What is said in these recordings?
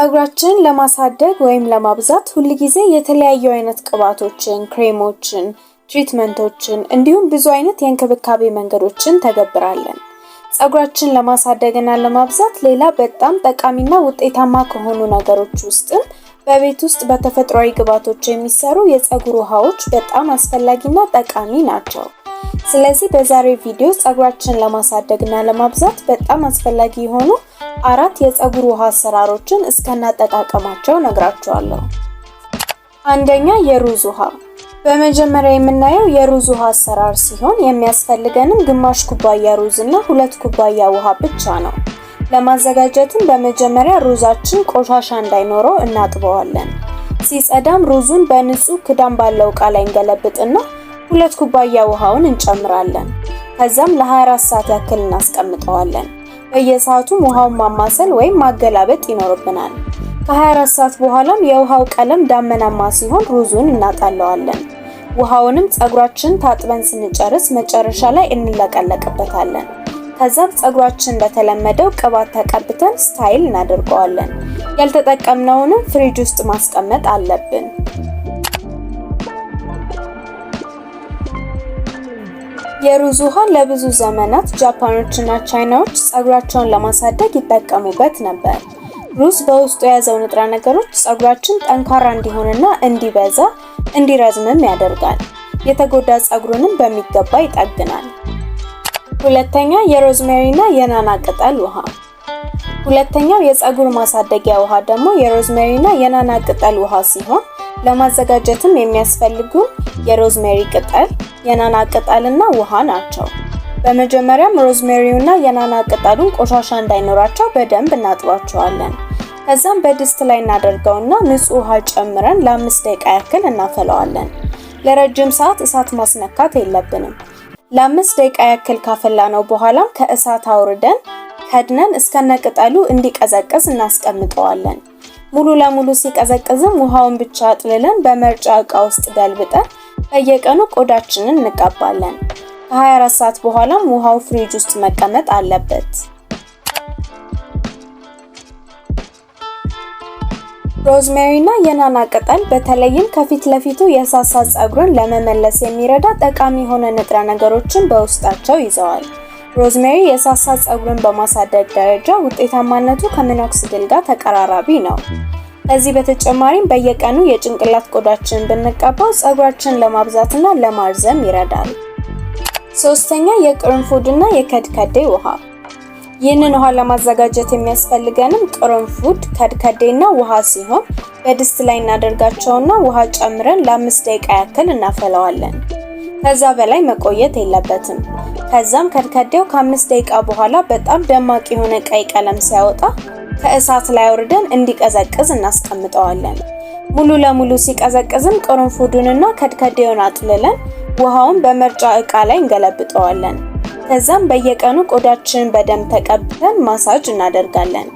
ፀጉራችንን ለማሳደግ ወይም ለማብዛት ሁልጊዜ የተለያዩ አይነት ቅባቶችን፣ ክሬሞችን፣ ትሪትመንቶችን እንዲሁም ብዙ አይነት የእንክብካቤ መንገዶችን ተገብራለን። ፀጉራችንን ለማሳደግና ለማብዛት ሌላ በጣም ጠቃሚና ውጤታማ ከሆኑ ነገሮች ውስጥም በቤት ውስጥ በተፈጥሯዊ ግብዓቶች የሚሰሩ የፀጉር ውሃዎች በጣም አስፈላጊና ጠቃሚ ናቸው። ስለዚህ በዛሬው ቪዲዮ ፀጉራችንን ለማሳደግና ለማብዛት በጣም አስፈላጊ የሆኑ አራት የፀጉር ውሃ አሰራሮችን እስከናጠቃቀማቸው ነግራቸዋለሁ። አንደኛ የሩዝ ውሃ። በመጀመሪያ የምናየው የሩዝ ውሃ አሰራር ሲሆን የሚያስፈልገንም ግማሽ ኩባያ ሩዝ እና ሁለት ኩባያ ውሃ ብቻ ነው። ለማዘጋጀትም በመጀመሪያ ሩዛችን ቆሻሻ እንዳይኖረው እናጥበዋለን። ሲጸዳም ሩዙን በንጹህ ክዳን ባለው እቃ ላይ እንገለብጥና ሁለት ኩባያ ውሃውን እንጨምራለን። ከዛም ለ24 ሰዓት ያክል እናስቀምጠዋለን። በየሰዓቱም ውሃውን ማማሰል ወይም ማገላበጥ ይኖርብናል። ከ24 ሰዓት በኋላም የውሃው ቀለም ዳመናማ ሲሆን ሩዙን እናጣለዋለን። ውሃውንም ፀጉራችን ታጥበን ስንጨርስ መጨረሻ ላይ እንለቀለቅበታለን። ከዛም ፀጉራችን እንደተለመደው ቅባት ተቀብተን ስታይል እናደርገዋለን። ያልተጠቀምነውንም ፍሪጅ ውስጥ ማስቀመጥ አለብን። የሩዝ ውሃን ለብዙ ዘመናት ጃፓኖችና ቻይናዎች ጸጉራቸውን ለማሳደግ ይጠቀሙበት ነበር። ሩዝ በውስጡ የያዘው ንጥረ ነገሮች ጸጉራችን ጠንካራ እንዲሆንና እንዲበዛ እንዲረዝምም ያደርጋል። የተጎዳ ጸጉሩንም በሚገባ ይጠግናል። ሁለተኛ የሮዝሜሪና የናና ቅጠል ውሃ። ሁለተኛው የጸጉር ማሳደጊያ ውሃ ደግሞ የሮዝሜሪና የናና ቅጠል ውሃ ሲሆን ለማዘጋጀትም የሚያስፈልጉ የሮዝሜሪ ቅጠል የናና ቅጠልና ውሃ ናቸው። በመጀመሪያም ሮዝሜሪውና የናና ቅጠሉን ቆሻሻ እንዳይኖራቸው በደንብ እናጥባቸዋለን። ከዛም በድስት ላይ እናደርገውና ንጹህ ውሃ ጨምረን ለአምስት ደቂቃ ያክል እናፈለዋለን። ለረጅም ሰዓት እሳት ማስነካት የለብንም። ለአምስት ደቂቃ ያክል ካፈላ ነው በኋላም ከእሳት አውርደን ከድነን እስከነ ቅጠሉ እንዲቀዘቅዝ እናስቀምጠዋለን። ሙሉ ለሙሉ ሲቀዘቅዝም ውሃውን ብቻ አጥልለን በመርጫ ዕቃ ውስጥ ገልብጠን በየቀኑ ቆዳችንን እንቀባለን። ከ24 ሰዓት በኋላም ውሃው ፍሪጅ ውስጥ መቀመጥ አለበት። ሮዝሜሪ እና የናና ቅጠል በተለይም ከፊት ለፊቱ የሳሳ ፀጉርን ለመመለስ የሚረዳ ጠቃሚ የሆነ ንጥረ ነገሮችን በውስጣቸው ይዘዋል። ሮዝሜሪ የሳሳ ፀጉርን በማሳደግ ደረጃ ውጤታማነቱ ከሚኖክሲዲል ጋር ተቀራራቢ ነው። ከዚህ በተጨማሪም በየቀኑ የጭንቅላት ቆዳችንን ብንቀባው ጸጉራችንን ለማብዛትና ለማርዘም ይረዳል። ሶስተኛ የቅርንፉድና የከድከዴ ውሃ። ይህንን ውሃ ለማዘጋጀት የሚያስፈልገንም ቅርንፉድ፣ ከድከዴና ውሃ ሲሆን በድስት ላይ እናደርጋቸውና ውሃ ጨምረን ለአምስት ደቂቃ ያክል እናፈለዋለን። ከዛ በላይ መቆየት የለበትም። ከዛም ከድከዴው ከአምስት ደቂቃ በኋላ በጣም ደማቅ የሆነ ቀይ ቀለም ሲያወጣ ከእሳት ላይ አውርደን እንዲቀዘቅዝ እናስቀምጠዋለን። ሙሉ ለሙሉ ሲቀዘቅዝም ቅርንፉዱንና ከድከዴውን አጥልለን ውሃውን በመርጫ እቃ ላይ እንገለብጠዋለን። ከዛም በየቀኑ ቆዳችንን በደንብ ተቀብተን ማሳጅ እናደርጋለን።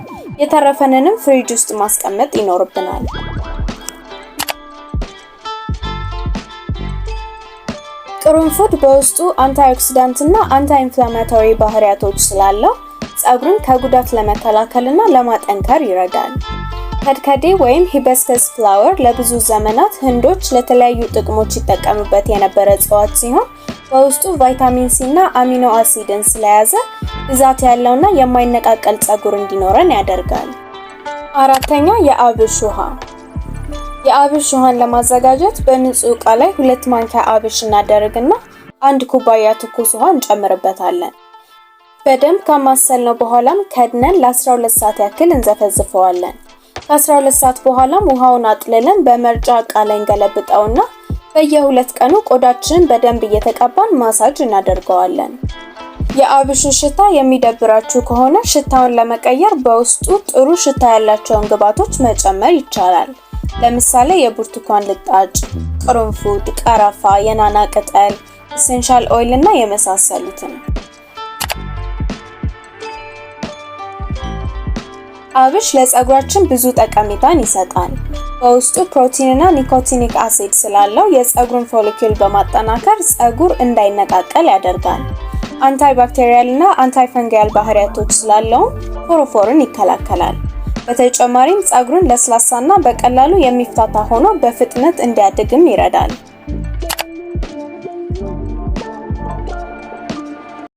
የተረፈንንም ፍሪጅ ውስጥ ማስቀመጥ ይኖርብናል። ቅርንፉድ በውስጡ አንታይኦክሲዳንት እና አንታይኢንፍላማቶሪ ኢንፍላማቶሪ ባህሪያቶች ስላለው ፀጉርን ከጉዳት ለመከላከል እና ለማጠንከር ይረዳል። ከድከዴ ወይም ሂቢስከስ ፍላወር ለብዙ ዘመናት ህንዶች ለተለያዩ ጥቅሞች ይጠቀሙበት የነበረ እጽዋት ሲሆን በውስጡ ቫይታሚን ሲ እና አሚኖ አሲድን ስለያዘ ብዛት ያለውና የማይነቃቀል ፀጉር እንዲኖረን ያደርጋል። አራተኛ የአብሽ ውሃ የአብሽ ውሃን ለማዘጋጀት በንጹህ ዕቃ ላይ ሁለት ማንኪያ አብሽ እናደርግና አንድ ኩባያ ትኩስ ውሃ እንጨምርበታለን። በደንብ ካማሰልነው በኋላም ከድነን ለ12 ሰዓት ያክል እንዘፈዝፈዋለን። ከ12 ሰዓት በኋላም ውሃውን አጥልለን በመርጫ ዕቃ ላይ እንገለብጠውና በየሁለት ቀኑ ቆዳችንን በደንብ እየተቀባን ማሳጅ እናደርገዋለን። የአብሹ ሽታ የሚደብራችሁ ከሆነ ሽታውን ለመቀየር በውስጡ ጥሩ ሽታ ያላቸውን ግብዓቶች መጨመር ይቻላል። ለምሳሌ የብርቱካን ልጣጭ፣ ቅርንፉድ፣ ቀረፋ፣ የናና ቅጠል፣ ኢሴንሻል ኦይል እና የመሳሰሉትን። አብሽ ለፀጉራችን ብዙ ጠቀሜታን ይሰጣል። በውስጡ ፕሮቲንና ኒኮቲኒክ አሲድ ስላለው የፀጉርን ፎሊኪል በማጠናከር ፀጉር እንዳይነቃቀል ያደርጋል። አንታይ ባክቴሪያል እና አንታይ ፈንጋያል ባህሪያቶች ስላለውም ፎሮፎርን ይከላከላል። በተጨማሪም ፀጉርን ለስላሳና በቀላሉ የሚፍታታ ሆኖ በፍጥነት እንዲያድግም ይረዳል።